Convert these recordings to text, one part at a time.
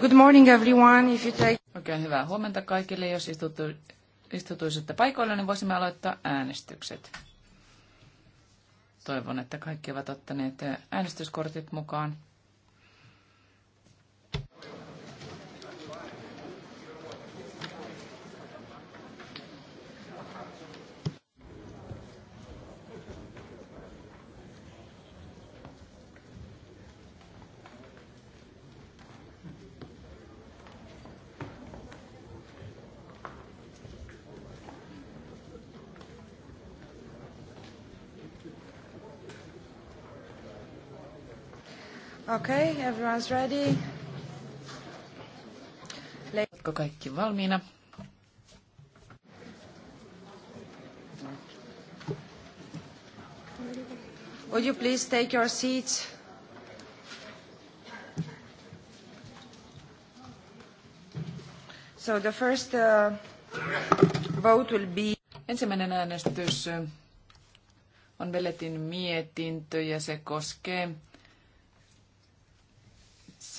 Good morning everyone. If you take... Oikein hyvää huomenta kaikille. Jos istutu, istutuisitte paikoilla, niin voisimme aloittaa äänestykset. Toivon, että kaikki ovat ottaneet äänestyskortit mukaan. Okay, everyone's ready. Oletko kaikki valmiina? Would you please take your seats? So the first uh, vote will be... Ensimmäinen äänestys on Veletin mietintö ja se koskee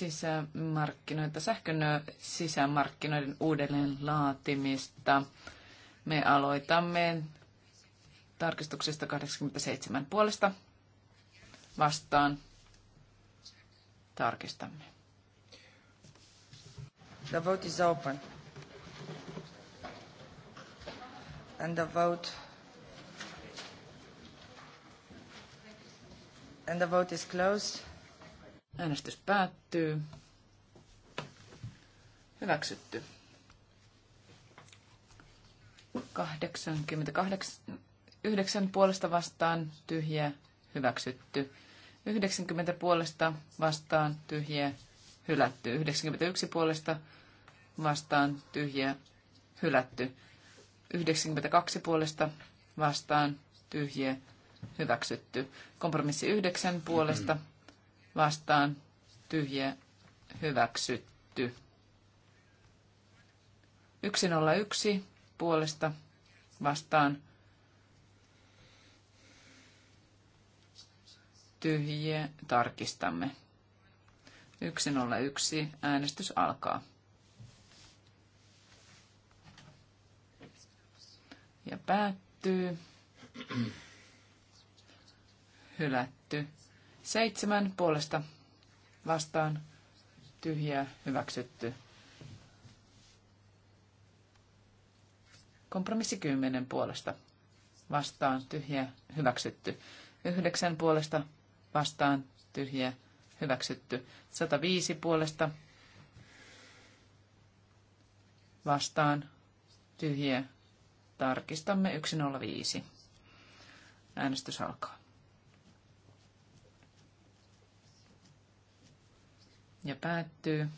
sisämarkkinoita, sähkön sisämarkkinoiden uudelleen laatimista. Me aloitamme tarkistuksesta 87 puolesta vastaan. Tarkistamme. The vote is open. And the vote And the vote is closed. Äänestys päättyy. Hyväksytty. 89 puolesta vastaan tyhjä hyväksytty. 90 puolesta vastaan tyhjä hylätty. 91 puolesta vastaan tyhjä hylätty. 92 puolesta vastaan tyhjä hyväksytty. Kompromissi 9 puolesta vastaan tyhjä hyväksytty. 101 puolesta vastaan tyhjiä tarkistamme. 101 äänestys alkaa. Ja päättyy. Hylätty. Seitsemän puolesta vastaan tyhjää hyväksytty. Kompromissi kymmenen puolesta vastaan tyhjä hyväksytty. Yhdeksän puolesta vastaan tyhjä hyväksytty. 105 puolesta vastaan tyhjä. Tarkistamme 105. Äänestys alkaa. ja päättyy.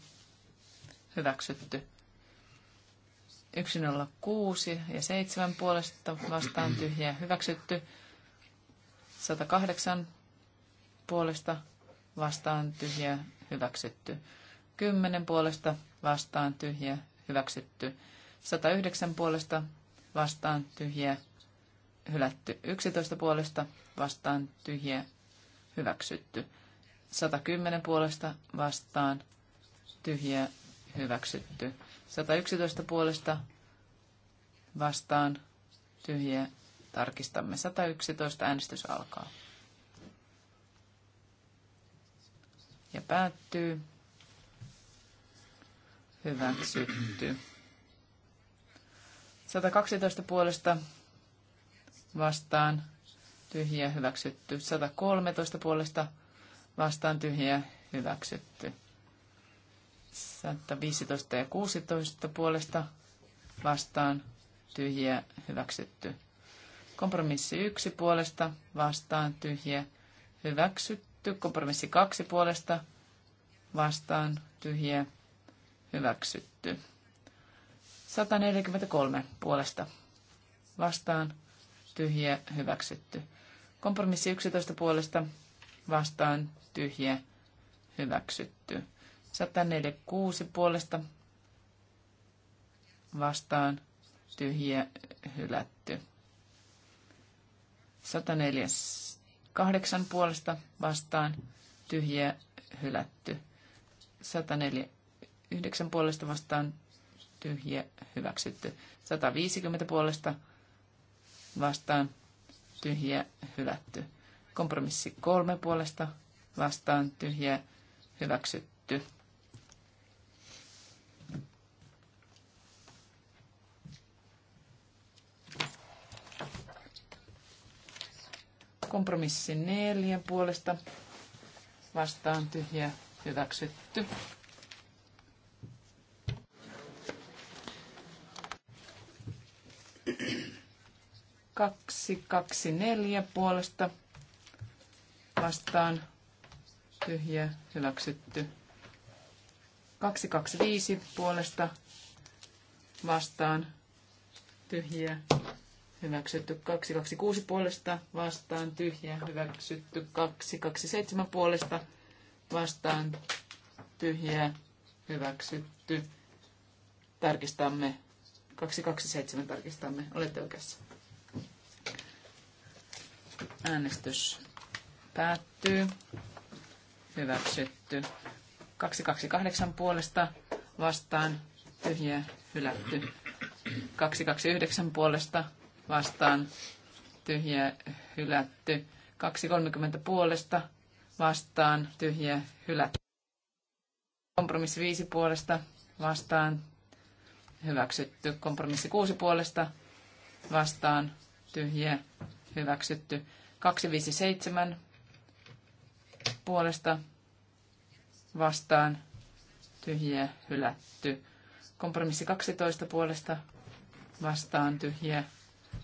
Hyväksytty. 106 ja 7 puolesta vastaan tyhjä. hyväksytty. 108 puolesta vastaan tyhjä. hyväksytty. 10 puolesta vastaan tyhjä. hyväksytty. 109 puolesta vastaan tyhjä. hylätty. 11 puolesta vastaan tyhjä. hyväksytty. 110 puolesta vastaan tyhjä hyväksytty. 111 puolesta vastaan tyhjä tarkistamme. 111 äänestys alkaa. Ja päättyy. Hyväksytty. 112 puolesta vastaan tyhjä hyväksytty. 113 puolesta vastaan vastaan tyhjä hyväksytty. 115 ja 16 puolesta vastaan tyhjä hyväksytty. Kompromissi 1 puolesta vastaan tyhjä hyväksytty. Kompromissi 2 puolesta vastaan tyhjä hyväksytty. 143 puolesta vastaan tyhjä hyväksytty. Kompromissi 11 puolesta vastaan tyhjä hyväksytty. 146 puolesta vastaan tyhjä hylätty. 148 puolesta vastaan tyhjä hylätty. 149 puolesta vastaan tyhjä hyväksytty. 150 puolesta vastaan tyhjä hylätty. Kompromissi kolme puolesta vastaan tyhjä hyväksytty. Kompromissi neljä puolesta vastaan tyhjä hyväksytty. Kaksi, kaksi, neljä puolesta vastaan tyhjä hyväksytty. 225 puolesta vastaan tyhjä hyväksytty. 226 puolesta vastaan tyhjä hyväksytty. 227 puolesta vastaan tyhjä hyväksytty. Tarkistamme. 227 tarkistamme. Olette oikeassa. Äänestys Päättyy. Hyväksytty. 228 puolesta vastaan. Tyhjä. Hylätty. 229 puolesta vastaan. Tyhjä. Hylätty. 230 puolesta vastaan. Tyhjä. Hylätty. Kompromissi 5 puolesta vastaan. Hyväksytty. Kompromissi 6 puolesta vastaan. Tyhjä. Hyväksytty. 257 puolesta vastaan tyhjiä hylätty. Kompromissi 12 puolesta vastaan tyhjiä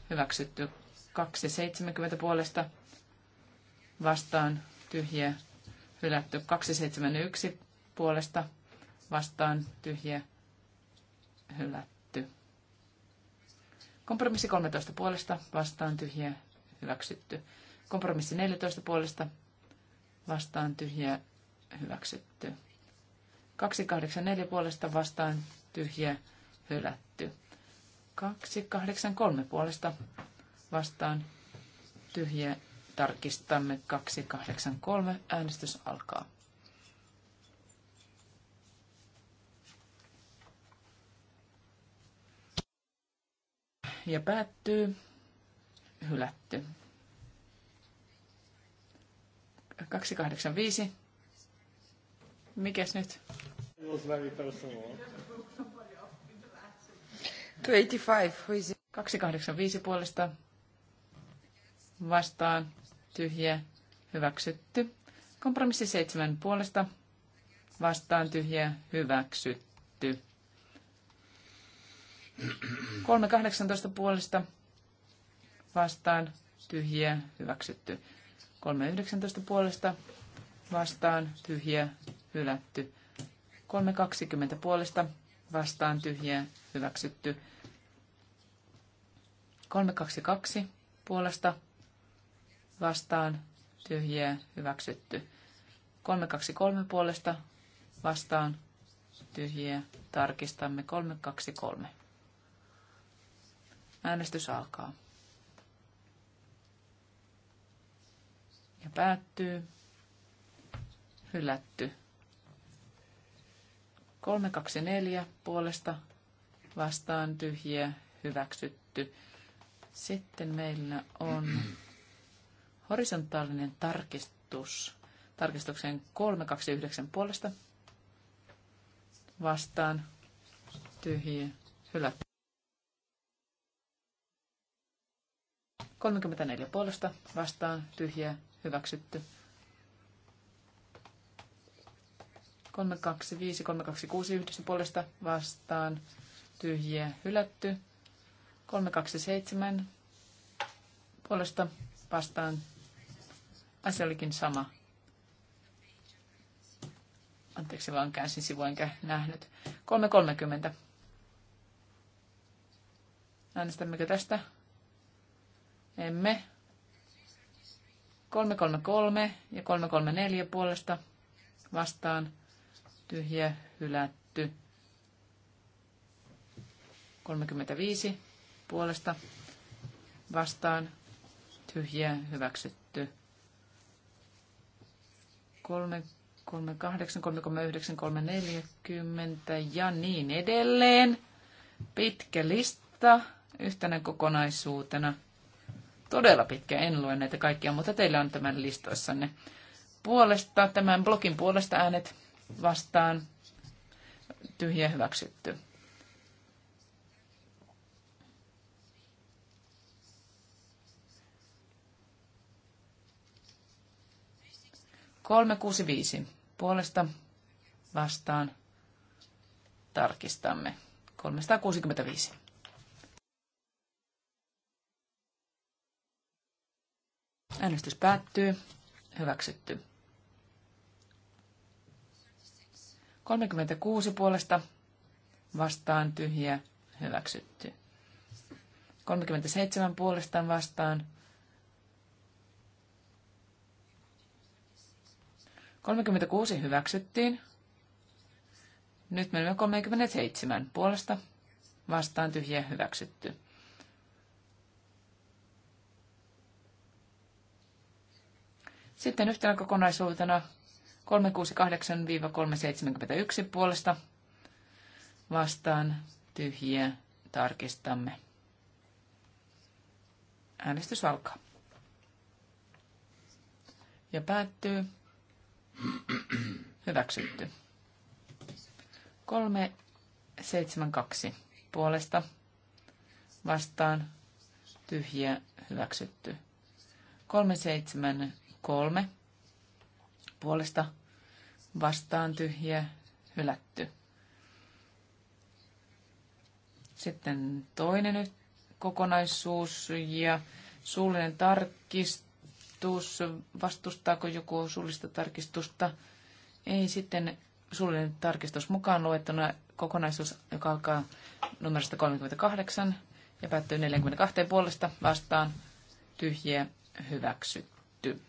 hyväksytty. 270 puolesta vastaan tyhjiä hylätty. 271 puolesta vastaan tyhjiä hylätty. Kompromissi 13 puolesta vastaan tyhjiä hyväksytty. Kompromissi 14 puolesta vastaan tyhjä hyväksytty. 284 puolesta vastaan tyhjä hylätty. 283 puolesta vastaan tyhjä tarkistamme 283. Äänestys alkaa. Ja päättyy. Hylätty. 285. Mikäs nyt? 285, puolesta vastaan tyhjä hyväksytty. Kompromissi 7 puolesta vastaan tyhjä hyväksytty. 318 puolesta vastaan tyhjä hyväksytty. 3.19 puolesta vastaan tyhjä hylätty. 3.20 puolesta vastaan tyhjä hyväksytty. 3.22 puolesta vastaan tyhjä hyväksytty. 3.23 puolesta vastaan tyhjä tarkistamme 3.23. Äänestys alkaa. ja päättyy. Hylätty. 324 puolesta vastaan tyhjiä hyväksytty. Sitten meillä on horisontaalinen tarkistus. Tarkistuksen 329 puolesta vastaan tyhjiä hylätty. 34 puolesta vastaan tyhjiä hyväksytty. 325, 326 yhdessä puolesta vastaan, tyhjiä hylätty. 327 puolesta vastaan, asia olikin sama. Anteeksi, vaan käänsin sivua enkä nähnyt. 330. Äänestämmekö tästä? Emme. 333 ja 334 puolesta vastaan tyhjä hylätty. 35 puolesta vastaan tyhjä hyväksytty. 3, 38, 39, 340 ja niin edelleen. Pitkä lista yhtenä kokonaisuutena todella pitkä, en lue näitä kaikkia, mutta teillä on tämän listoissanne. Puolesta, tämän blogin puolesta äänet vastaan, tyhjä hyväksytty. Kolme, kuusi, viisi. Puolesta vastaan tarkistamme. 365. Äänestys päättyy. Hyväksytty. 36 puolesta vastaan tyhjä hyväksytty. 37 puolestaan vastaan. 36 hyväksyttiin. Nyt menemme 37 puolesta vastaan tyhjä hyväksytty. Sitten yhtenä kokonaisuutena 368-371 puolesta vastaan tyhjiä tarkistamme. Äänestys alkaa. Ja päättyy. Hyväksytty. 372 puolesta vastaan tyhjiä hyväksytty. 37 kolme puolesta vastaan tyhjä hylätty. Sitten toinen kokonaisuus ja suullinen tarkistus. Vastustaako joku suullista tarkistusta? Ei sitten suullinen tarkistus mukaan luettuna kokonaisuus, joka alkaa numerosta 38 ja päättyy 42 puolesta vastaan tyhjiä hyväksytty.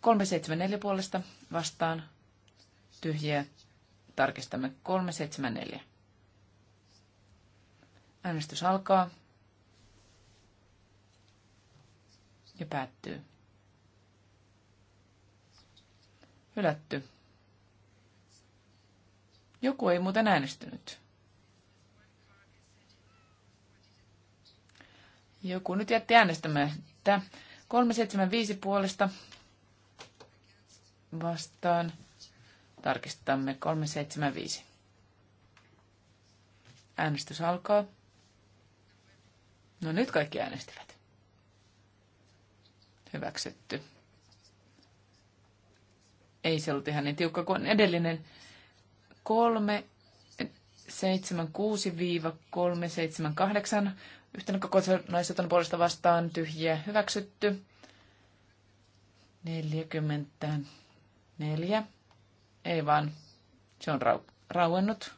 374 puolesta vastaan tyhjiä. Tarkistamme 374. Äänestys alkaa ja päättyy. Hylätty. Joku ei muuten äänestynyt. Joku nyt jätti äänestämättä. 375 puolesta vastaan. Tarkistamme 375. Äänestys alkaa. No nyt kaikki äänestivät. Hyväksytty. Ei se ollut ihan niin tiukka kuin edellinen. 376-378. 6-3, 7, 8. Yhtenä kokonaisuutena puolesta vastaan tyhjiä hyväksytty. 40 Neljä. Ei vaan. Se on rau- rauennut.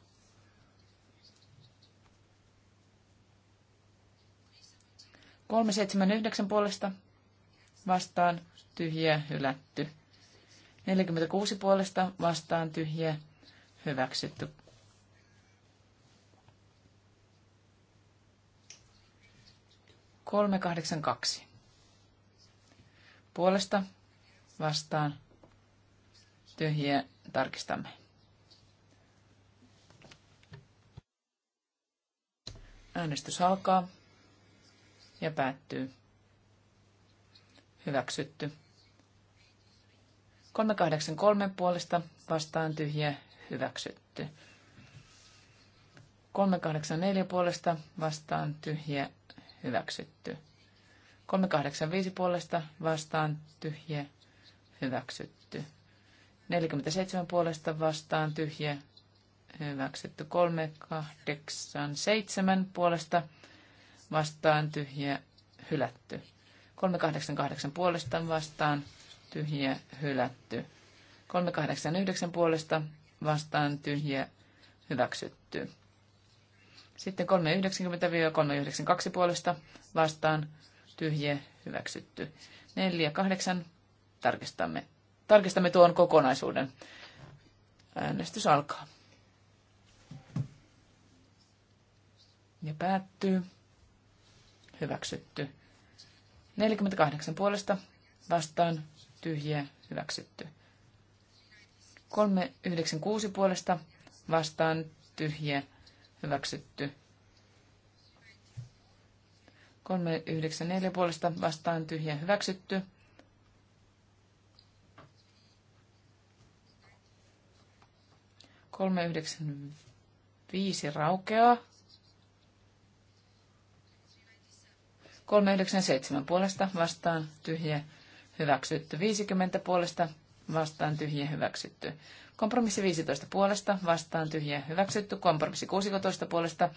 Kolme seitsemän yhdeksän puolesta vastaan tyhjä, hylätty. 46 puolesta vastaan tyhjä hyväksytty. Kolme kahdeksan kaksi. Puolesta vastaan tyhjiä tarkistamme. Äänestys alkaa ja päättyy. Hyväksytty. 383 puolesta vastaan tyhjä hyväksytty. 384 puolesta vastaan tyhjä hyväksytty. 385 puolesta vastaan tyhjä hyväksytty. 47 puolesta vastaan tyhjä hyväksytty. 7 puolesta vastaan tyhjä hylätty. 8 puolesta vastaan tyhjä hylätty. 9 puolesta vastaan tyhjä hyväksytty. Sitten 390-392 puolesta vastaan tyhjä hyväksytty. 48 tarkistamme Tarkistamme tuon kokonaisuuden. Äänestys alkaa. Ja päättyy. Hyväksytty. 48 puolesta vastaan tyhjiä hyväksytty. 396 puolesta vastaan tyhjiä hyväksytty. 394 puolesta vastaan tyhjiä hyväksytty. 395 raukeaa. 397 puolesta vastaan tyhjä hyväksytty. 50 puolesta vastaan tyhjä hyväksytty. Kompromissi 15 puolesta vastaan tyhjä hyväksytty. Kompromissi 16 puolesta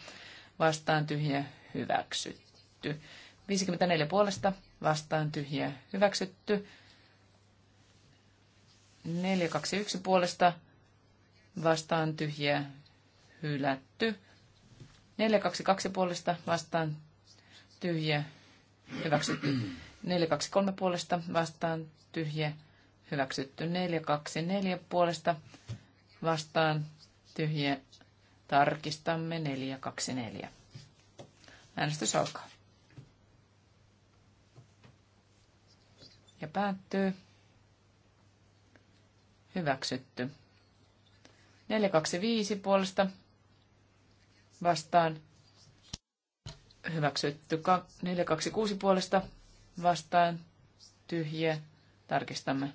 vastaan tyhjä hyväksytty. 54 puolesta vastaan tyhjä hyväksytty. 421 puolesta vastaan tyhjiä hylätty. 422 puolesta vastaan tyhjiä hyväksytty. 423 puolesta vastaan tyhjiä hyväksytty. 424 puolesta vastaan tyhjiä tarkistamme 424. Äänestys alkaa. Ja päättyy. Hyväksytty. 425 puolesta vastaan hyväksytty 426 puolesta vastaan tyhjiä. Tarkistamme.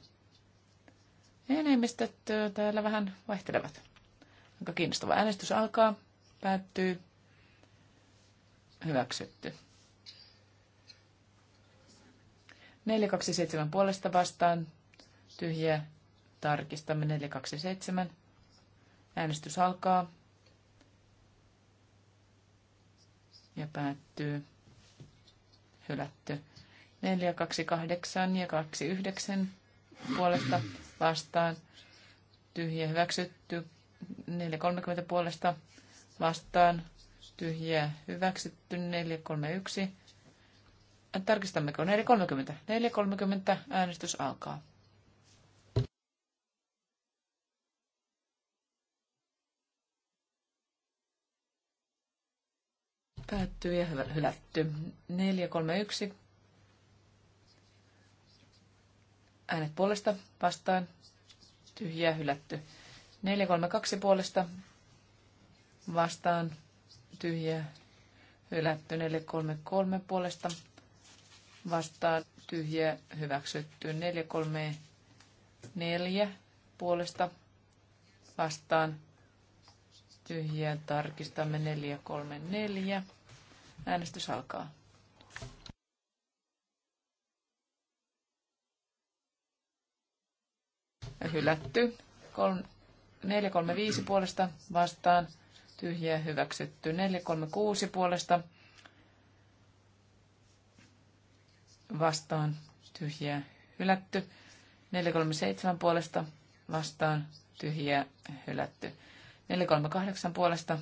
Enemmistöt täällä vähän vaihtelevat. Aika kiinnostava äänestys alkaa, päättyy, hyväksytty. 427 puolesta vastaan, tyhjiä, tarkistamme 427. Äänestys alkaa ja päättyy. Hylätty. 8 ja 9 puolesta vastaan. Tyhjä hyväksytty. 30 puolesta vastaan. Tyhjä hyväksytty. 1. Tarkistammeko? 430. 430 äänestys alkaa. Päättyy ja hyvä, hylätty. 431. Äänet puolesta vastaan. Tyhjää hylätty. 432 puolesta vastaan. Tyhjää hylätty. 433 puolesta vastaan. Tyhjää hyväksytty. 434 puolesta vastaan tyhjiä. Tarkistamme 434. Äänestys alkaa. Hylätty. 435 puolesta vastaan. Tyhjiä hyväksytty. 436 puolesta vastaan. Tyhjiä hylätty. 437 puolesta vastaan. Tyhjiä hylätty. 438 puolesta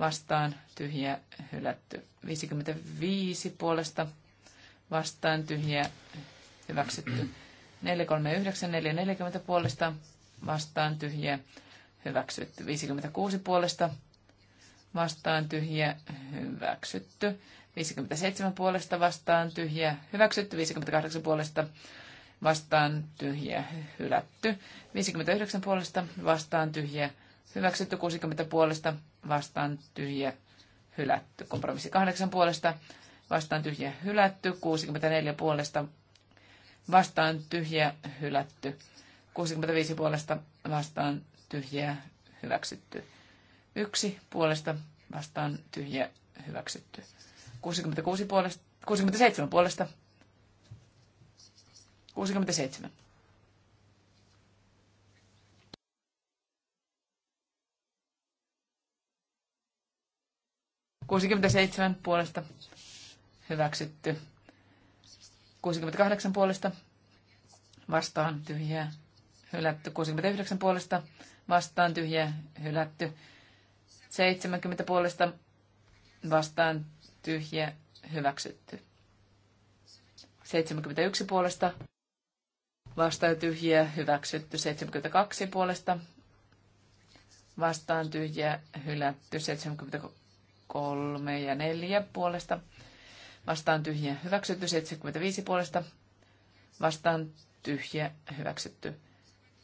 vastaan tyhjä hylätty. 55 puolesta vastaan tyhjä hyväksytty. 439, 440 puolesta vastaan tyhjä hyväksytty. 56 puolesta vastaan tyhjä hyväksytty. 57 puolesta vastaan tyhjä hyväksytty. 58 puolesta vastaan tyhjä hylätty. 59 puolesta vastaan tyhjä hylätty Hyväksytty 60 puolesta, vastaan tyhjä, hylätty. Kompromissi 8 puolesta, vastaan tyhjä, hylätty. 64 puolesta, vastaan tyhjä, hylätty. 65 puolesta, vastaan tyhjä, hyväksytty. 1 puolesta, vastaan tyhjä, hyväksytty. 66 puolesta, 67 puolesta, 67. 67 puolesta hyväksytty. 68 puolesta vastaan tyhjää hylätty. 69 puolesta vastaan tyhjää hylätty. 70 puolesta vastaan tyhjä hyväksytty. 71 puolesta vastaan tyhjä hyväksytty. 72 puolesta vastaan tyhjä hylätty. 73 kolme ja neljä puolesta. Vastaan tyhjä hyväksytty 75 puolesta. Vastaan tyhjä hyväksytty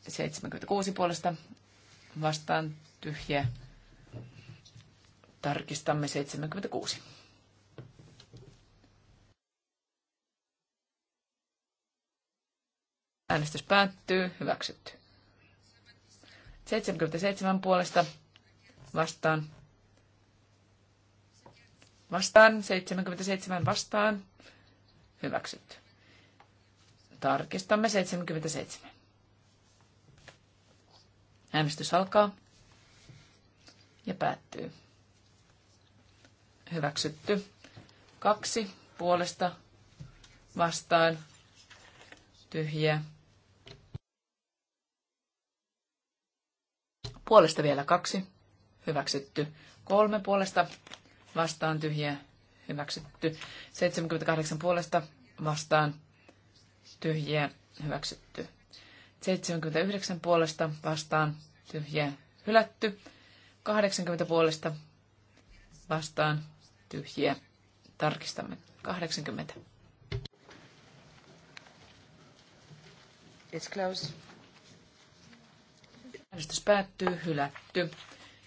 76 puolesta. Vastaan tyhjä. Tarkistamme 76. Äänestys päättyy. Hyväksytty. 77 puolesta vastaan vastaan, 77 vastaan, hyväksytty. Tarkistamme 77. Äänestys alkaa ja päättyy. Hyväksytty. Kaksi puolesta vastaan tyhjiä. Puolesta vielä kaksi. Hyväksytty. Kolme puolesta vastaan tyhjä hyväksytty. 78 puolesta vastaan tyhjiä hyväksytty. 79 puolesta vastaan tyhjiä hylätty. 80 puolesta vastaan tyhjiä tarkistamme. 80. It's close. Äänestys päättyy, hylätty.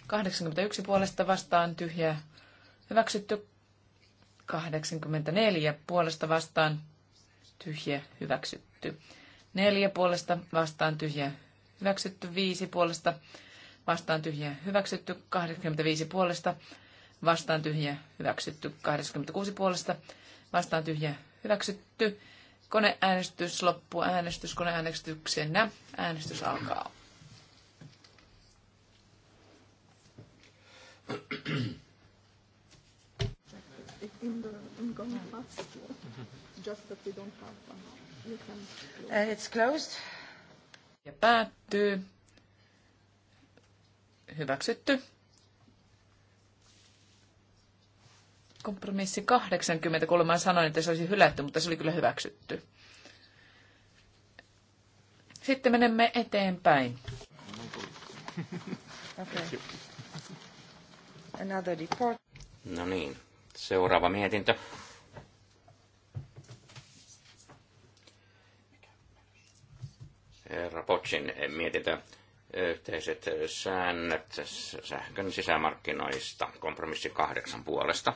81 puolesta vastaan tyhjä. Hyväksytty 84 puolesta vastaan tyhjä hyväksytty. 4 puolesta vastaan tyhjä hyväksytty. 5 puolesta vastaan tyhjä hyväksytty. 85 puolesta vastaan tyhjä hyväksytty. 86 puolesta vastaan tyhjä hyväksytty. Koneäänestys loppuu äänestys koneäänestyksenä. Äänestys alkaa. in the incoming past, just that we don't have one. You can close. Uh, it's closed. Ja päättyy. Hyväksytty. Kompromissi 83. Mä sanoin, että se olisi hylätty, mutta se oli kyllä hyväksytty. Sitten menemme eteenpäin. Okay. Another report. No niin, Seuraava mietintö. Potsin mietintö. Yhteiset säännöt sähkön sisämarkkinoista. Kompromissi kahdeksan puolesta.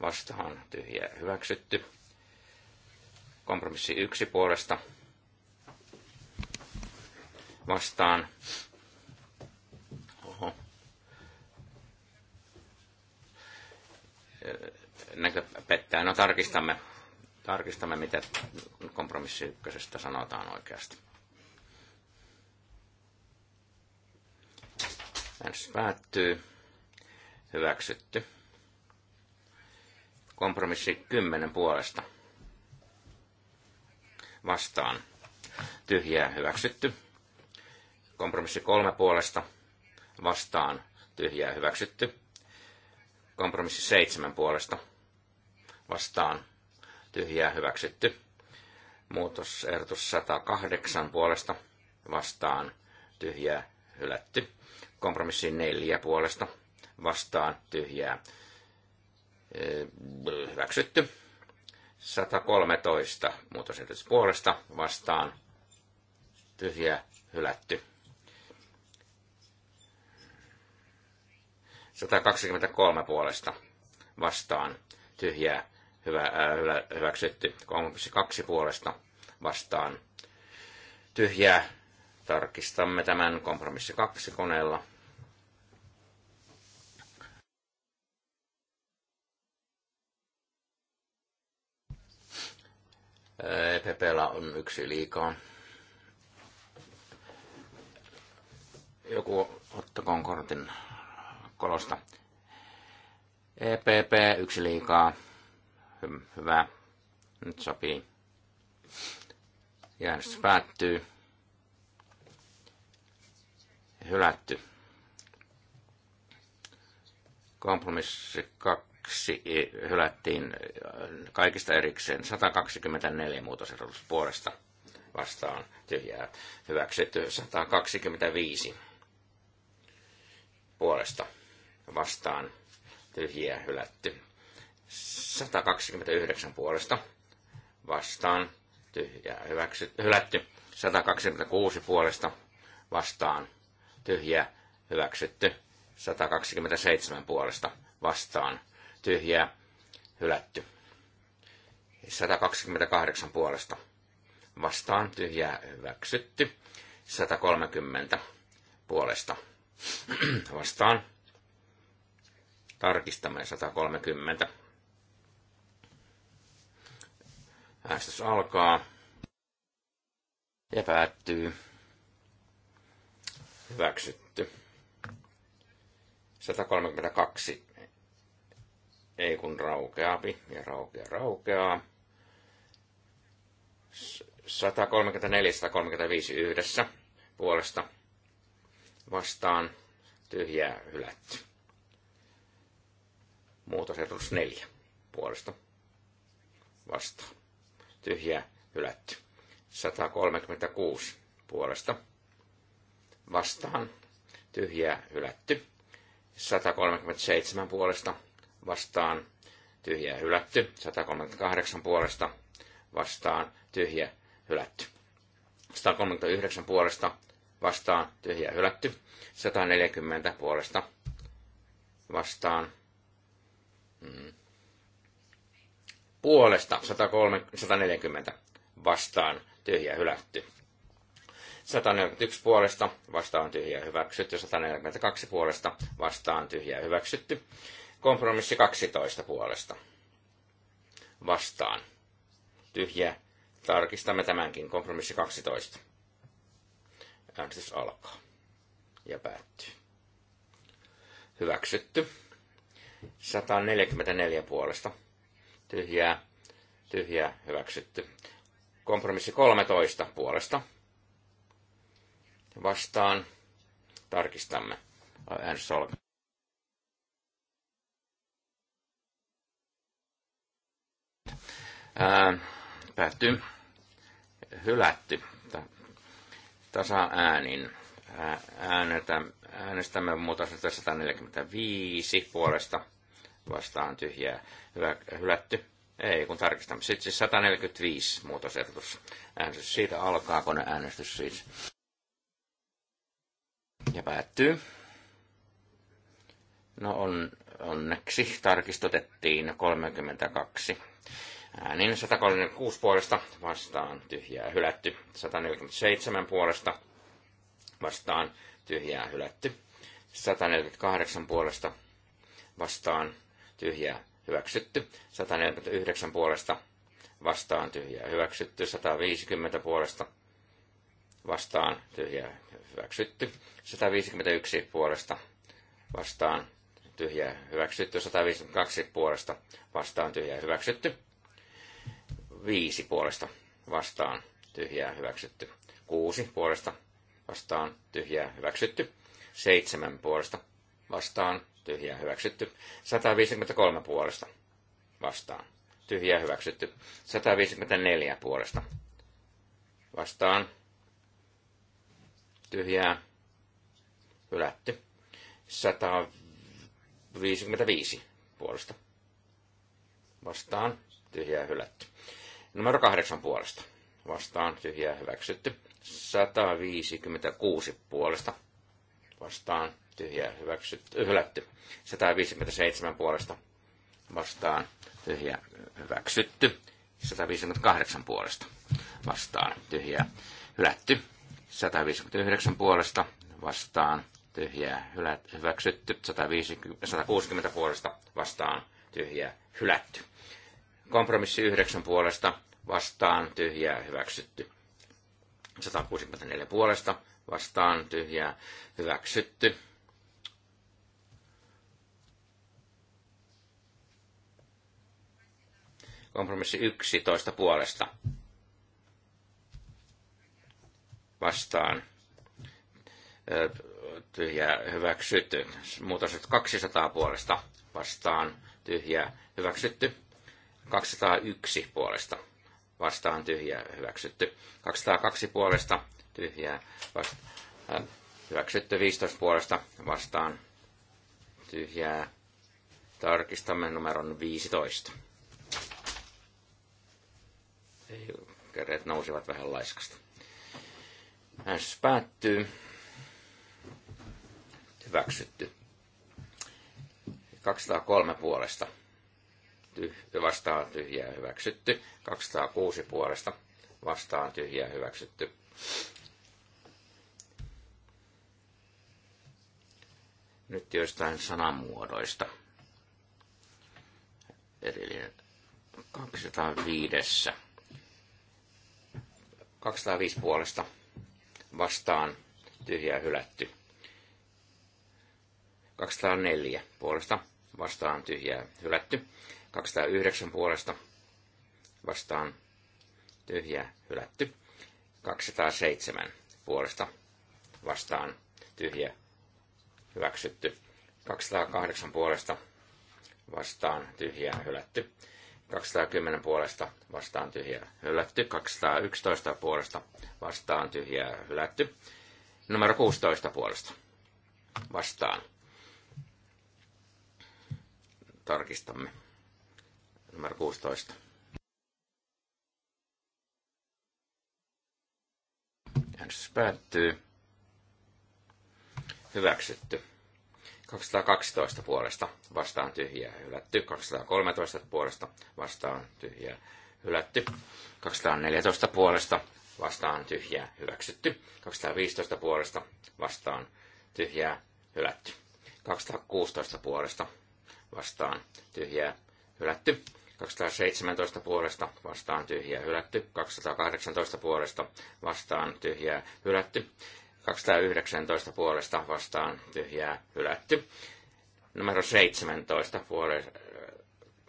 Vastaan tyhjä hyväksytty. Kompromissi yksi puolesta. Vastaan näkö pettää. No tarkistamme, tarkistamme mitä kompromissi ykkösestä sanotaan oikeasti. Äänestys päättyy. Hyväksytty. Kompromissi 10 puolesta. Vastaan. Tyhjää hyväksytty. Kompromissi kolme puolesta. Vastaan. Tyhjää hyväksytty Kompromissi seitsemän puolesta vastaan tyhjää hyväksytty. Muutosehdotus 108 puolesta vastaan tyhjää hylätty. Kompromissi neljä puolesta vastaan tyhjää eh, hyväksytty. 113 muutosehdotus puolesta vastaan tyhjää hylätty. 123 puolesta vastaan tyhjää hyvä, äh, hyväksytty. Kompromissi kaksi puolesta vastaan tyhjää. Tarkistamme tämän kompromissi kaksi koneella. Äh, Pepellä on yksi liikaa. Joku ottakoon kortin kolosta. EPP yksi liikaa. Hy- hyvä. Nyt sopii. Järjestys päättyy. Hylätty. Kompromissi kaksi e, hylättiin e, kaikista erikseen. 124 muutosehdotus puolesta vastaan tyhjää hyväksytty. 125 puolesta vastaan tyhjiä hylätty. 129 puolesta vastaan tyhjää hyväksy, hylätty. 126 puolesta vastaan tyhjiä hyväksytty. 127 puolesta vastaan tyhjiä hylätty. 128 puolesta vastaan tyhjiä hyväksytty. 130 puolesta vastaan Tarkistamme 130. Äänestys alkaa ja päättyy. Hyväksytty. 132. Ei kun raukeapi ja raukea raukeaa. 134 135 yhdessä puolesta vastaan tyhjää hylätty. Muutosehdotus 4 puolesta vastaan. Tyhjä hylätty. 136 puolesta vastaan. Tyhjä hylätty. 137 puolesta vastaan. Tyhjä hylätty. 138 puolesta vastaan. Tyhjä hylätty. 139 puolesta vastaan. Tyhjä hylätty. 140 puolesta vastaan Puolesta 103, 140 vastaan tyhjä hylätty. 141 puolesta vastaan tyhjä hyväksytty, 142 puolesta vastaan tyhjä hyväksytty, kompromissi 12 puolesta vastaan tyhjä. Tarkistamme tämänkin, kompromissi 12. Äänestys alkaa ja päättyy. Hyväksytty. 144 puolesta. Tyhjää, tyhjää hyväksytty. Kompromissi 13 puolesta. Vastaan tarkistamme. Äänestys alkaa. Ää, päättyy hylätty tasa-äänin. äänestämme muuta 145 puolesta vastaan tyhjää hylätty. Ei, kun tarkistamme. Sitten siis 145 muutosehdotus. Äänestys siitä alkaa, kun äänestys siis. Ja päättyy. No on, onneksi tarkistotettiin 32. Äänin 136 puolesta vastaan tyhjää hylätty. 147 puolesta vastaan tyhjää hylätty. 148 puolesta vastaan tyhjää hyväksytty. 149 puolesta vastaan tyhjää hyväksytty. 150 puolesta vastaan tyhjää hyväksytty. 151 puolesta vastaan tyhjää hyväksytty. 152 puolesta vastaan tyhjää hyväksytty. 5 puolesta vastaan tyhjää hyväksytty. 6 puolesta vastaan tyhjää hyväksytty. 7 puolesta vastaan tyhjää hyväksytty. 153 puolesta vastaan, tyhjää hyväksytty. 154 puolesta vastaan, tyhjää hylätty. 155 puolesta vastaan, tyhjää hylätty. Numero 8 puolesta vastaan, tyhjää hyväksytty. 156 puolesta vastaan tyhjää hyväksytty, hylätty. 157 puolesta vastaan tyhjä hyväksytty. 158 puolesta vastaan tyhjä hylätty. 159 puolesta vastaan tyhjää hyväksytty. 150, 160 puolesta vastaan tyhjää hylätty. Kompromissi 9 puolesta vastaan tyhjää hyväksytty. 164 puolesta vastaan tyhjää hyväksytty. Kompromissi 11 puolesta vastaan tyhjää hyväksytty. Muutos 200 puolesta vastaan tyhjää hyväksytty. 201 puolesta vastaan tyhjää hyväksytty. 202 puolesta tyhjää vasta, äh, hyväksytty 15 puolesta vastaan tyhjää. Tarkistamme numeron 15. Ei, kädet nousivat vähän laiskasta. S päättyy. Hyväksytty. 203 puolesta. Tyh- vastaan tyhjää hyväksytty. 206 puolesta. Vastaan tyhjää hyväksytty. Nyt joistain sanamuodoista. Erillinen 205. 205 puolesta vastaan tyhjä hylätty. 204 puolesta vastaan tyhjää hylätty. 209 puolesta vastaan tyhjä hylätty. 207 puolesta vastaan tyhjä hyväksytty. 208 puolesta vastaan tyhjää hylätty. 210 puolesta vastaan tyhjää hylätty. 211 puolesta vastaan tyhjää hylätty. Numero 16 puolesta vastaan. Tarkistamme. Numero 16. Äänestys päättyy hyväksytty. 212 puolesta vastaan tyhjää hylätty. 213 puolesta vastaan tyhjää hylätty. 214 puolesta vastaan tyhjää hyväksytty. 215 puolesta vastaan tyhjää hylätty. 216 puolesta vastaan tyhjää hylätty. 217 puolesta vastaan tyhjää hylätty, 218 puolesta vastaan tyhjää hylätty, 219 puolesta vastaan tyhjää hylätty. Numero 17 puolesta,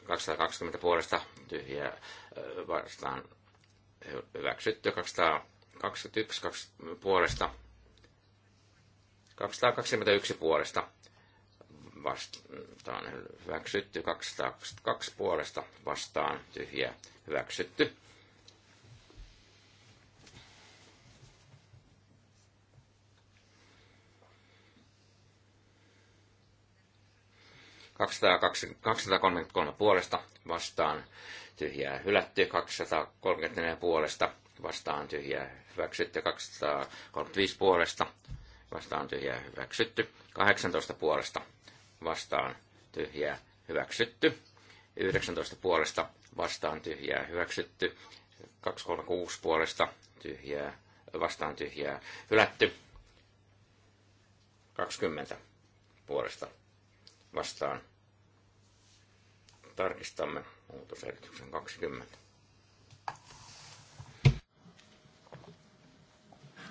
220 puolesta tyhjää vastaan hyväksytty. 221 2, puolesta 221 puolesta vastaan hyväksytty, 222 puolesta vastaan tyhjä hyväksytty, 233 puolesta vastaan tyhjää hylätty, 234 puolesta vastaan tyhjää hyväksytty, 235 puolesta vastaan tyhjää hyväksytty, 18 puolesta vastaan tyhjää hyväksytty, 19 puolesta vastaan tyhjää hyväksytty, 236 puolesta tyhjää vastaan tyhjää hylätty, 20 puolesta vastaan. Tarkistamme muutosehdotuksen 20.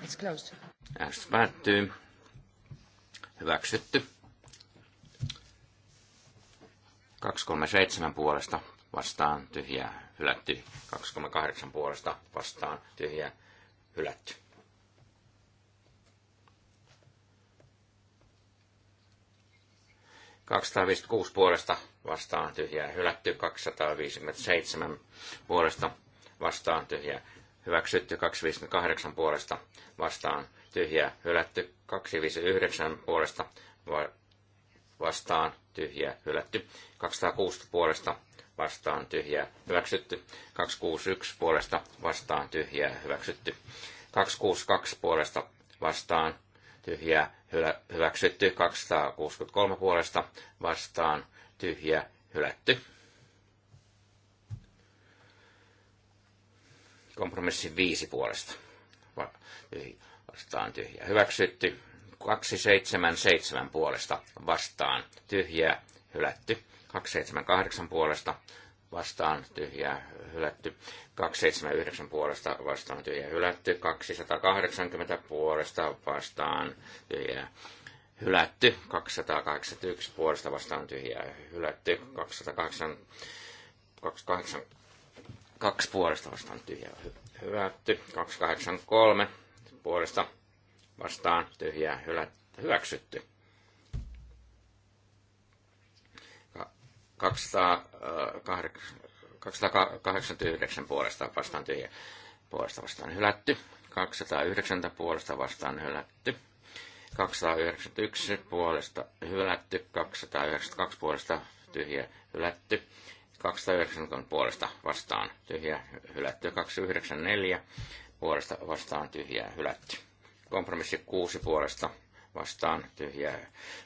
It's closed. Äänestys päättyy. Hyväksytty. 237 puolesta vastaan tyhjää hylätty. 238 puolesta vastaan tyhjää hylätty. 256 puolesta vastaan tyhjää hylätty, 257 puolesta vastaan tyhjää hyväksytty, 258 puolesta vastaan tyhjää hylätty, 259 puolesta va- vastaan tyhjää hylätty, 260 puolesta vastaan tyhjää hyväksytty, 261 puolesta vastaan tyhjää hyväksytty, 262 puolesta vastaan tyhjä hyväksytty, 263 puolesta vastaan tyhjä hylätty. Kompromissi 5 puolesta vastaan tyhjä hyväksytty, 277 puolesta vastaan tyhjä hylätty, 278 puolesta vastaan tyhjä hylätty, 279 puolesta vastaan tyhjä hylätty, 280 puolesta vastaan tyhjä hylätty, 281 puolesta vastaan tyhjä hylätty, 282 puolesta vastaan tyhjä hylätty, 283 puolesta vastaan tyhjä hylätty, hyväksytty. 289 äh, puolesta vastaan tyhjä. Puolesta vastaan hylätty. 209 puolesta vastaan hylätty. 291 puolesta hylätty. 292 puolesta tyhjä hylätty. 290 puolesta vastaan tyhjä hylätty. 294 puolesta vastaan tyhjä hylätty. Kompromissi 6 puolesta vastaan tyhjää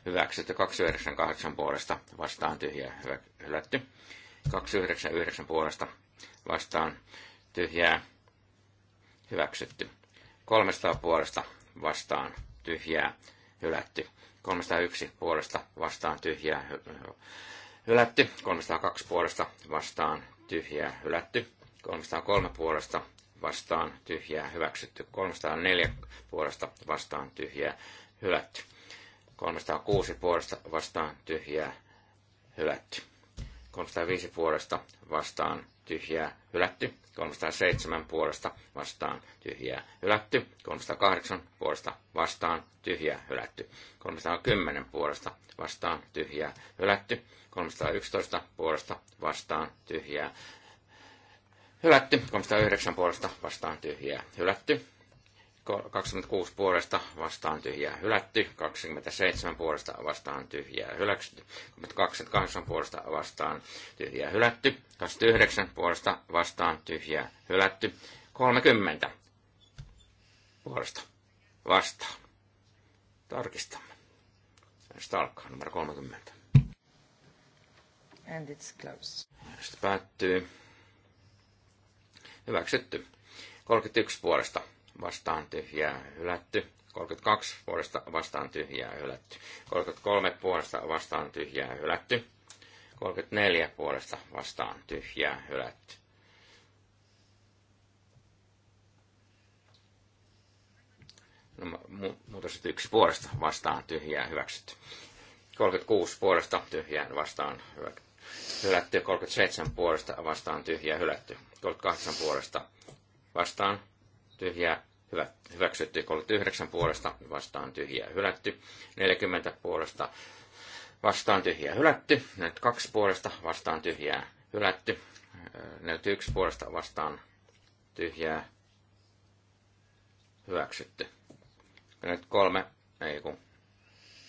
hyväksytty, 298 puolesta vastaan tyhjää hylätty, 299 puolesta vastaan tyhjää hyväksytty, 300 puolesta vastaan tyhjää hylätty, 301 puolesta vastaan tyhjää hylätty, 302 puolesta vastaan tyhjää hylätty, 303 puolesta vastaan tyhjää hyväksytty. 304 puolesta vastaan tyhjää hylätty. 306 puolesta vastaan tyhjää hylätty. 305 puolesta vastaan tyhjää hylätty. 307 puolesta vastaan tyhjää hylätty. 308 puolesta vastaan tyhjää hylätty. 310 puolesta vastaan tyhjää hylätty. 311 puolesta vastaan tyhjää Hylätty. 309 puolesta vastaan tyhjää. Hylätty. 26 puolesta vastaan tyhjää hylätty, 27 puolesta vastaan tyhjää hylätty, 28 puolesta vastaan tyhjää hylätty, 29 puolesta vastaan tyhjää hylätty, 30 puolesta vastaan. Tarkistamme. Tästä alkaa numero 30. And it's closed. Sitten päättyy hyväksytty. 31 puolesta vastaan tyhjää hylätty. 32 puolesta vastaan tyhjää hylätty. 33 puolesta vastaan tyhjää hylätty. 34 puolesta vastaan tyhjää hylätty. No, muutos yksi puolesta vastaan tyhjää hyväksytty. 36 puolesta tyhjää vastaan hyväksytty hylätty, 37 puolesta vastaan tyhjä hylätty, 38 puolesta vastaan tyhjä hyvä, hyväksytty, 39 puolesta vastaan tyhjä hylätty, 40 puolesta vastaan tyhjä hylätty, 42 puolesta vastaan tyhjä hylätty, 41 puolesta vastaan tyhjä hyväksytty. Nyt kolme, ei kun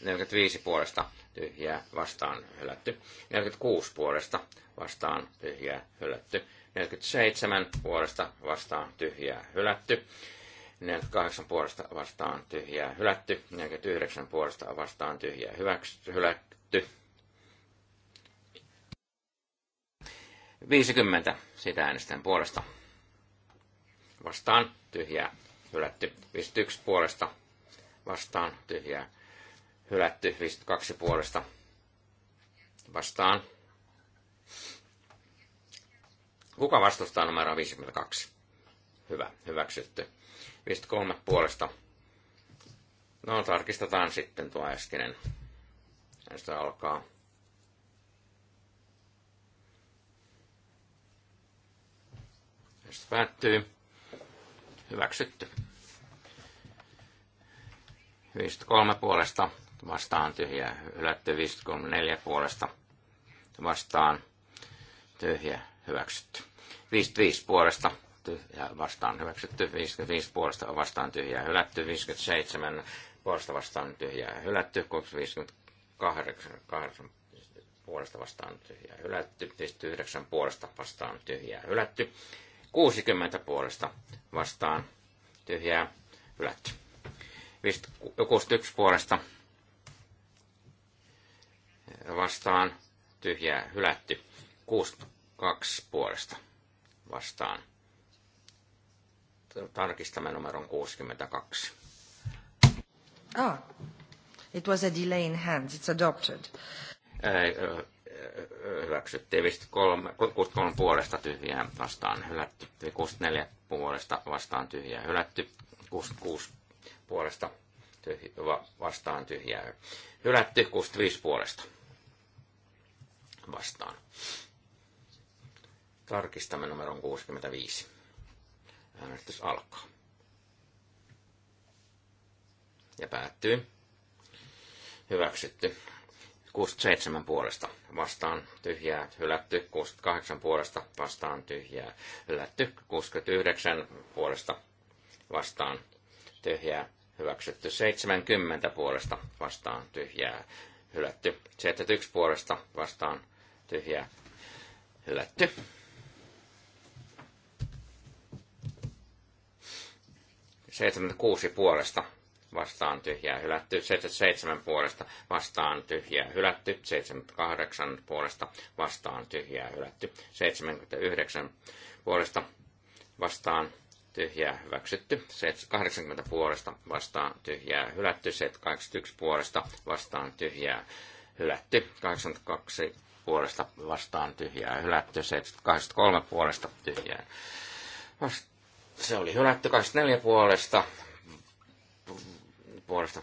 45 puolesta tyhjää vastaan hylätty. 46 puolesta vastaan tyhjää hylätty. 47 puolesta vastaan tyhjää hylätty. 48 puolesta vastaan tyhjää hylätty. 49 puolesta vastaan tyhjää hyväksy, hylätty. 50 sitä äänestän puolesta vastaan tyhjää hylätty. 51 puolesta vastaan tyhjää hylätty 52 puolesta vastaan. Kuka vastustaa numero 52? Hyvä, hyväksytty. 53 puolesta. No, tarkistetaan sitten tuo äskeinen. Näistä alkaa. Näistä päättyy. Hyväksytty. 53 puolesta vastaan tyhjä, hylätty 54 puolesta vastaan tyhjä, hyväksytty. 55 puolesta tyhjä, vastaan hyväksytty, 55 puolesta vastaan tyhjä, hylätty, 57 puolesta vastaan tyhjä, hylätty, 58 8, puolesta vastaan tyhjä, hylätty, 59 puolesta vastaan tyhjä, hylätty, 60 puolesta vastaan tyhjää, hylätty. 61 puolesta vastaan tyhjää hylätty. 62 puolesta vastaan. Tarkistamme numeron 62. Ah, it was a delay in hands. It's adopted. Hyväksyttiin 63 puolesta tyhjää vastaan hylätty. 64 puolesta vastaan tyhjää hylätty. 66 puolesta tyhjää, vastaan tyhjää hylätty. 65 puolesta vastaan. Tarkistamme numeron 65. Äänestys alkaa. Ja päättyy. Hyväksytty. 67 puolesta vastaan tyhjää, hylätty 68 puolesta vastaan tyhjää, hylätty 69 puolesta vastaan tyhjää, hyväksytty 70 puolesta vastaan tyhjää, hylätty 71 puolesta vastaan tyhjää hylätty. kuusi puolesta vastaan tyhjää hylätty, 77 puolesta vastaan tyhjää hylätty, 78 puolesta vastaan tyhjää hylätty, 79 puolesta vastaan tyhjää hyväksytty, 80 puolesta vastaan tyhjää hylätty, 81 puolesta vastaan tyhjää hylätty, 82 puolesta vastaan tyhjää, hylätty 83 puolesta tyhjää. se oli hylätty 24 puolesta, puolesta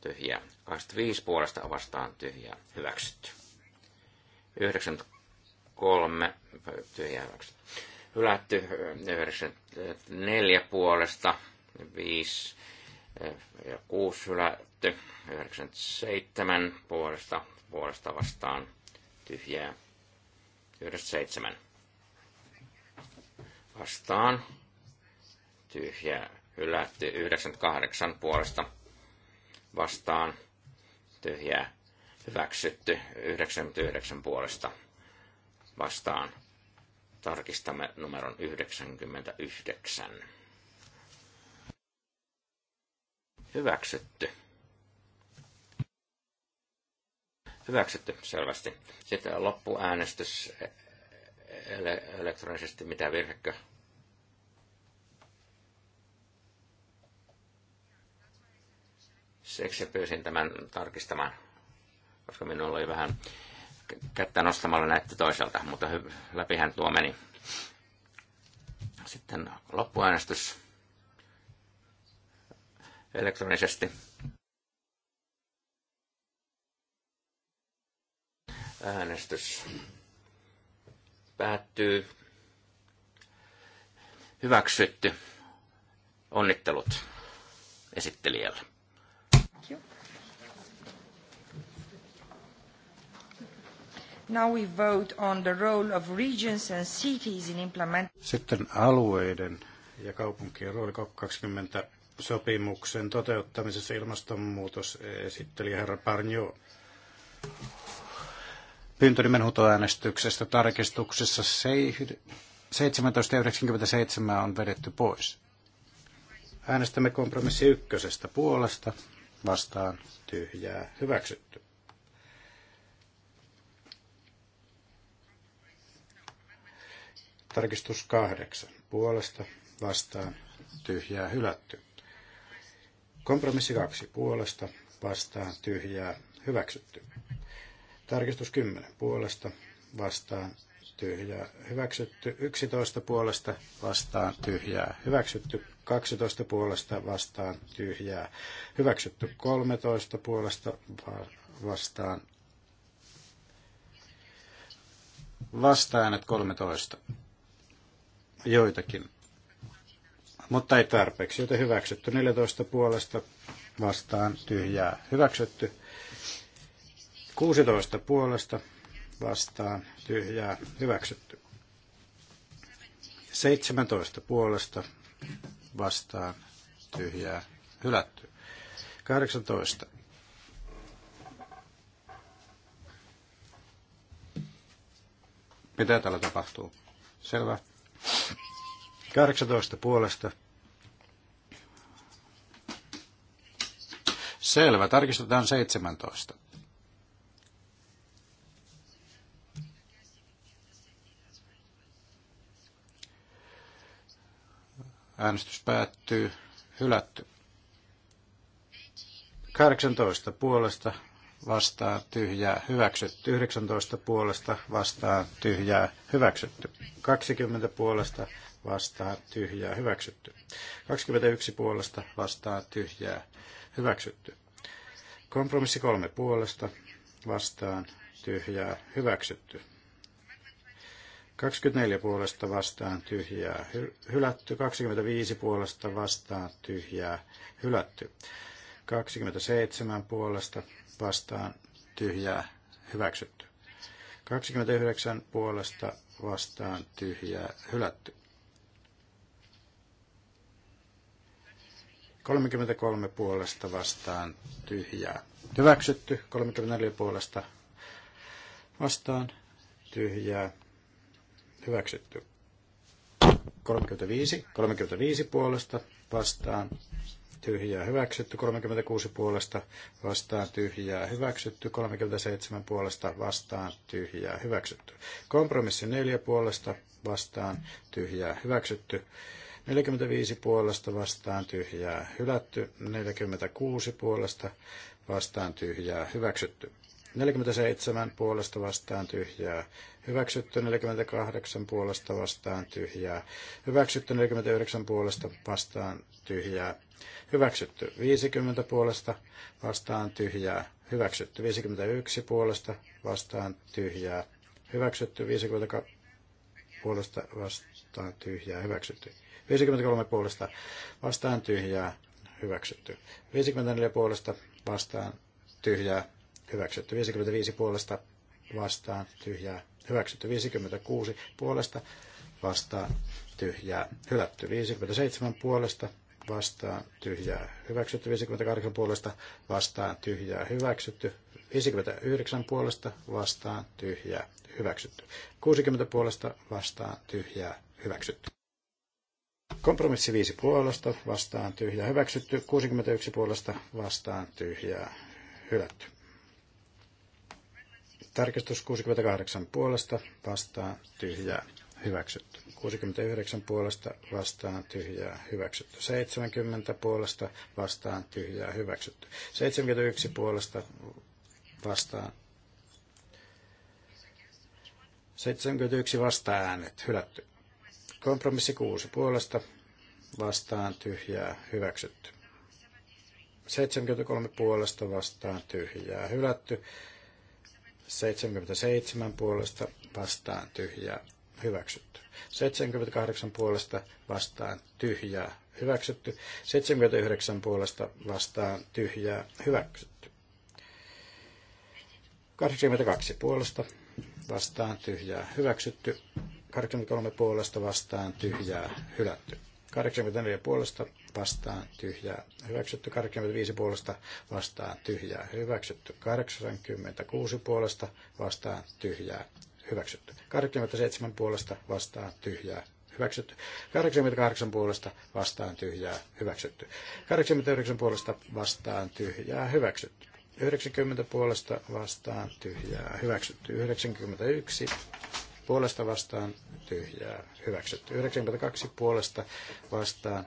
tyhjää, 25 puolesta vastaan tyhjää, hyväksytty. 93 tyhjää hyväksytty. Hylätty 94 puolesta, 5 eh, ja 6 hylätty, 97 puolesta puolesta vastaan tyhjää. 97 vastaan tyhjä Hylätty 98 puolesta vastaan tyhjä Hyväksytty 99 puolesta vastaan. Tarkistamme numeron 99. Hyväksytty. Hyväksytty selvästi. Sitten loppuäänestys e- ele- elektronisesti, mitä virhekö? Seksi pyysin tämän tarkistamaan, koska minulla oli vähän kättä nostamalla näytti toiselta, mutta hy- läpihän tuo meni. Sitten loppuäänestys elektronisesti. Äänestys päättyy. Hyväksytty. Onnittelut esittelijälle. Now we vote on the role of regions and cities in implement... Sitten alueiden ja kaupunkien rooli COP20 sopimuksen toteuttamisessa ilmastonmuutos esitteli herra Parnio pyyntöni menhutoäänestyksestä tarkistuksessa 1797 on vedetty pois. Äänestämme kompromissi ykkösestä puolesta vastaan tyhjää hyväksytty. Tarkistus kahdeksan. Puolesta vastaan tyhjää hylätty. Kompromissi kaksi. Puolesta vastaan tyhjää hyväksytty. Tarkistus 10 puolesta vastaan tyhjää hyväksytty. 11 puolesta vastaan tyhjää hyväksytty. 12 puolesta vastaan tyhjää hyväksytty. 13 puolesta vastaan vastaanet 13. Joitakin. Mutta ei tarpeeksi, joten hyväksytty. 14 puolesta vastaan tyhjää hyväksytty. 16 puolesta vastaan tyhjää hyväksytty. 17 puolesta vastaan tyhjää hylätty. 18 Mitä täällä tapahtuu? Selvä. 18 puolesta. Selvä. Tarkistetaan 17. Äänestys päättyy. Hylätty. 18 puolesta vastaan tyhjää hyväksytty. 19 puolesta vastaan tyhjää hyväksytty. 20 puolesta vastaan tyhjää hyväksytty. 21 puolesta vastaan tyhjää hyväksytty. Kompromissi kolme puolesta vastaan tyhjää hyväksytty. 24 puolesta vastaan tyhjää, hylätty. 25 puolesta vastaan tyhjää, hylätty. 27 puolesta vastaan tyhjää, hyväksytty. 29 puolesta vastaan tyhjää, hylätty. 33 puolesta vastaan tyhjää. Hyväksytty. 34 puolesta vastaan tyhjää hyväksytty. 35, 35 puolesta vastaan tyhjää hyväksytty, 36 puolesta vastaan tyhjää hyväksytty, 37 puolesta vastaan tyhjää hyväksytty. Kompromissi 4 puolesta vastaan tyhjää hyväksytty, 45 puolesta vastaan tyhjää hylätty, 46 puolesta vastaan tyhjää hyväksytty. 47 puolesta vastaan tyhjää Hyväksytty 48 puolesta vastaan tyhjää. Hyväksytty 49 puolesta vastaan tyhjää. Hyväksytty 50 puolesta vastaan tyhjää. Hyväksytty 51 puolesta vastaan tyhjää. Hyväksytty 52 puolesta vastaan tyhjää. Hyväksytty 53 puolesta vastaan tyhjää. Hyväksytty 54 puolesta vastaan tyhjää. Hyväksytty 55 puolesta vastaan tyhjää hyväksytty 56 puolesta vastaan tyhjää, hylätty 57 puolesta vastaan tyhjää, hyväksytty 58 puolesta vastaan tyhjää, hyväksytty 59 puolesta vastaan tyhjää, hyväksytty 60 puolesta vastaan tyhjää, hyväksytty. Kompromissi 5 puolesta vastaan tyhjää, hyväksytty 61 puolesta vastaan tyhjää, hylätty. Tarkistus 68 puolesta vastaan tyhjää hyväksytty. 69 puolesta vastaan tyhjää hyväksytty. 70 puolesta vastaan tyhjää hyväksytty. 71 puolesta vastaan 71 vastaan äänet hylätty. Kompromissi 6 puolesta vastaan tyhjää hyväksytty. 73 puolesta vastaan tyhjää hylätty. 77 puolesta vastaan tyhjää hyväksytty. 78 puolesta vastaan tyhjää hyväksytty. 79 puolesta vastaan tyhjää hyväksytty. 82 puolesta vastaan tyhjää hyväksytty. 83 puolesta vastaan tyhjää hylätty. 84 puolesta vastaan tyhjää hyväksytty, 85 puolesta vastaan tyhjää hyväksytty, 86 puolesta vastaan tyhjää hyväksytty, 87 puolesta vastaan tyhjää hyväksytty. 88 puolesta vastaan tyhjää hyväksytty. 89 puolesta vastaan tyhjää hyväksytty. 90 puolesta vastaan tyhjää hyväksytty. 91 puolesta vastaan tyhjää hyväksytty. 92 puolesta vastaan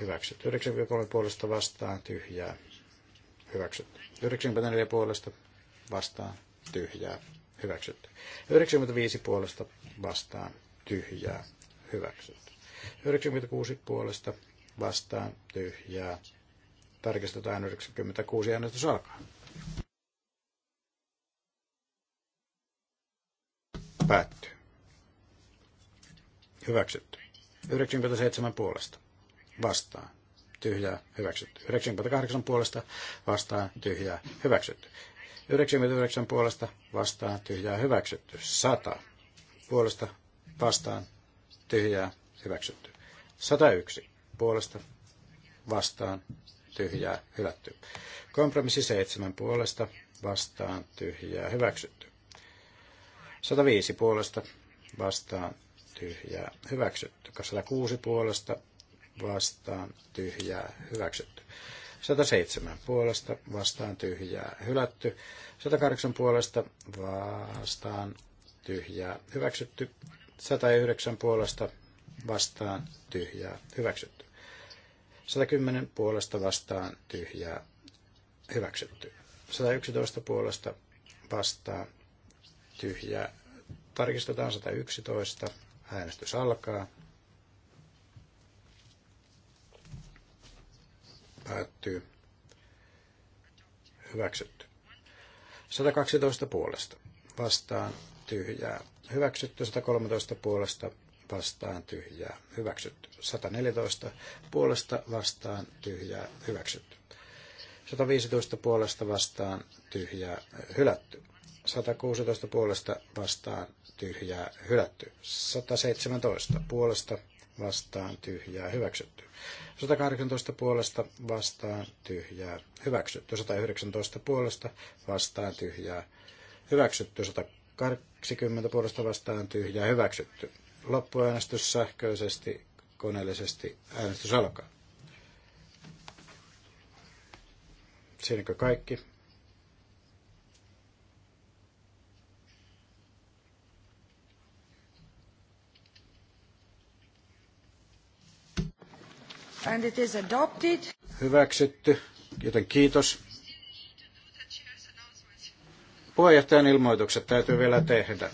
hyväksytty. 93 puolesta vastaan tyhjää hyväksytty. 94 puolesta vastaan tyhjää hyväksytty. 95 puolesta vastaan tyhjää hyväksytty. 96 puolesta vastaan tyhjää. Tarkistetaan 96 äänestys alkaa. Päättyy. Hyväksytty. 97 puolesta. Vastaan. Tyhjää. Hyväksytty. 98 puolesta. Vastaan. Tyhjää. Hyväksytty. 99 puolesta. Vastaan. Tyhjää. Hyväksytty. 100 puolesta. Vastaan. Tyhjää. Hyväksytty. 101 puolesta. Vastaan. Tyhjää. Hylätty. Kompromissi 7 puolesta. Vastaan. Tyhjää. Hyväksytty. 105 puolesta vastaan tyhjää hyväksytty. 106 puolesta vastaan tyhjää hyväksytty. 107 puolesta vastaan tyhjää hylätty. 108 puolesta vastaan tyhjää hyväksytty. 109 puolesta vastaan tyhjää hyväksytty. 110 puolesta vastaan tyhjää hyväksytty. 111 puolesta vastaan tyhjä, Tarkistetaan 111. Äänestys alkaa. Päättyy. Hyväksytty. 112 puolesta vastaan tyhjää. Hyväksytty 113 puolesta vastaan tyhjää. Hyväksytty 114 puolesta vastaan tyhjää. Hyväksytty. 115 puolesta vastaan tyhjää hylätty. 116 puolesta vastaan tyhjää hylätty. 117 puolesta vastaan tyhjää hyväksytty. 118 puolesta vastaan tyhjää hyväksytty. 119 puolesta vastaan tyhjää hyväksytty. 120 puolesta vastaan tyhjää hyväksytty. Loppuäänestys sähköisesti, koneellisesti äänestys alkaa. Siinäkö kaikki? And it is adopted. Hyväksytty, joten kiitos. Puheenjohtajan ilmoitukset täytyy vielä tehdä.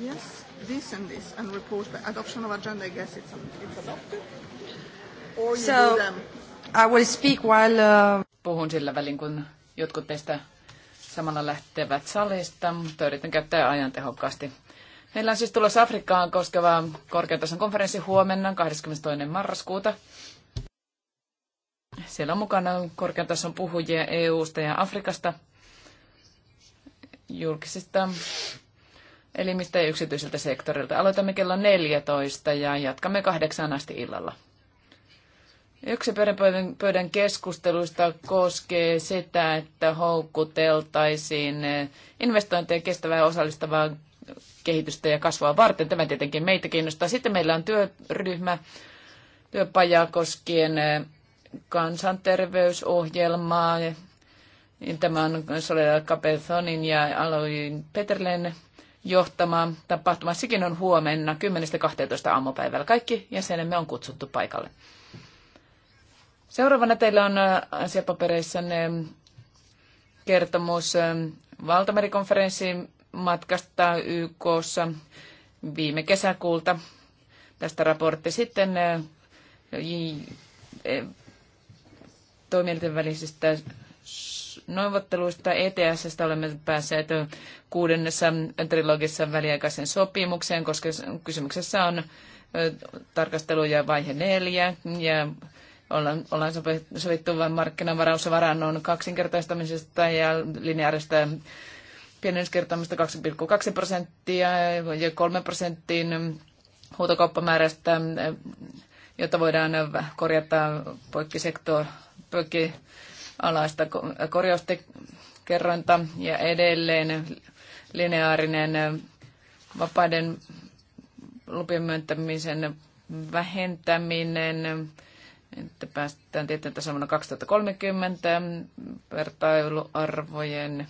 yes, this and this and report the adoption of agenda, I guess it's, it's adopted. so, I will speak while... Uh, Puhun sillä välin, kun jotkut teistä samalla lähtevät salista, mutta yritän käyttää ajan tehokkaasti. Meillä on siis tulossa Afrikkaan koskeva korkeatason konferenssi huomenna 22. marraskuuta. Siellä on mukana korkeatason puhujia EU-sta ja Afrikasta, julkisista elimistä ja yksityiseltä sektorilta. Aloitamme kello 14 ja jatkamme kahdeksaan asti illalla. Yksi pöydän, keskusteluista koskee sitä, että houkuteltaisiin investointeja kestävää osallistavaa kehitystä ja kasvua varten. Tämä tietenkin meitä kiinnostaa. Sitten meillä on työryhmä, työpajaa koskien kansanterveysohjelmaa. Niin tämä on Soledad Capezonin ja Aloin Peterlen johtama tapahtuma. Sekin on huomenna 10.12. aamupäivällä. Kaikki jäsenemme on kutsuttu paikalle. Seuraavana teillä on asiapapereissanne kertomus valtamerikonferenssiin matkasta YKssa viime kesäkuulta. Tästä raportti sitten toimijoiden välisistä neuvotteluista ETSstä olemme päässeet kuudennessa trilogissa väliaikaisen sopimukseen, koska kysymyksessä on tarkastelu ja vaihe neljä ja ollaan, ollaan sovittu vain markkinavarausvarannon kaksinkertaistamisesta ja lineaarista pienennyskertoimista 2,2 prosenttia ja 3 prosenttiin huutokauppamäärästä, jotta voidaan korjata poikkisektor, poikkialaista korjaustekerrointa ja edelleen lineaarinen vapaiden lupien myöntämisen vähentäminen, että päästään tietyn tason 2030 vertailuarvojen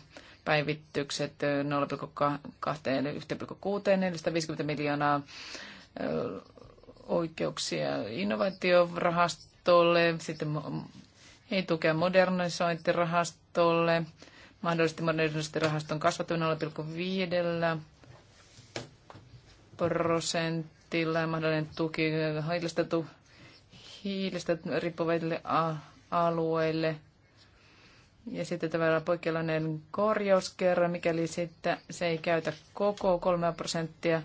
päivitykset 0,2-1,6, 450 miljoonaa oikeuksia innovaatiorahastolle, sitten ei tukea modernisointirahastolle, mahdollisesti modernisointirahaston kasvattaminen 0,5 prosentilla mahdollinen tuki hiilestä, hiilestä riippuvaisille alueille – ja sitten tavallaan poikkeilainen korjauskerran, mikäli sitten se ei käytä koko 3 prosenttia.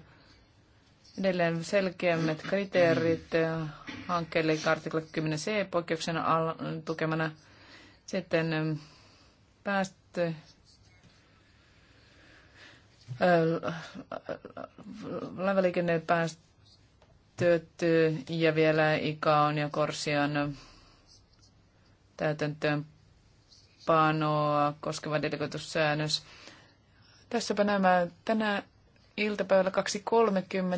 Edelleen selkeämmät kriteerit hankkeelle artikla 10c poikkeuksen tukemana. Sitten ähm, päästö, äh, äh, laivaliikennepäästöt äh, ja vielä Ikaon ja Korsian täytäntöön täytäntöönpanoa koskeva delegoitussäännös. Tässäpä nämä tänä iltapäivällä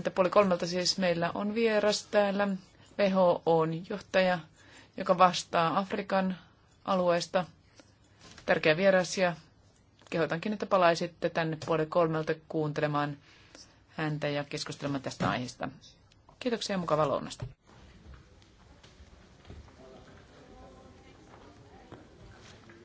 2.30, puoli kolmelta siis meillä on vieras täällä WHOn johtaja, joka vastaa Afrikan alueesta. Tärkeä vieras ja kehotankin, että palaisitte tänne puoli kolmelta kuuntelemaan häntä ja keskustelemaan tästä aiheesta. Kiitoksia ja mukavaa lounasta.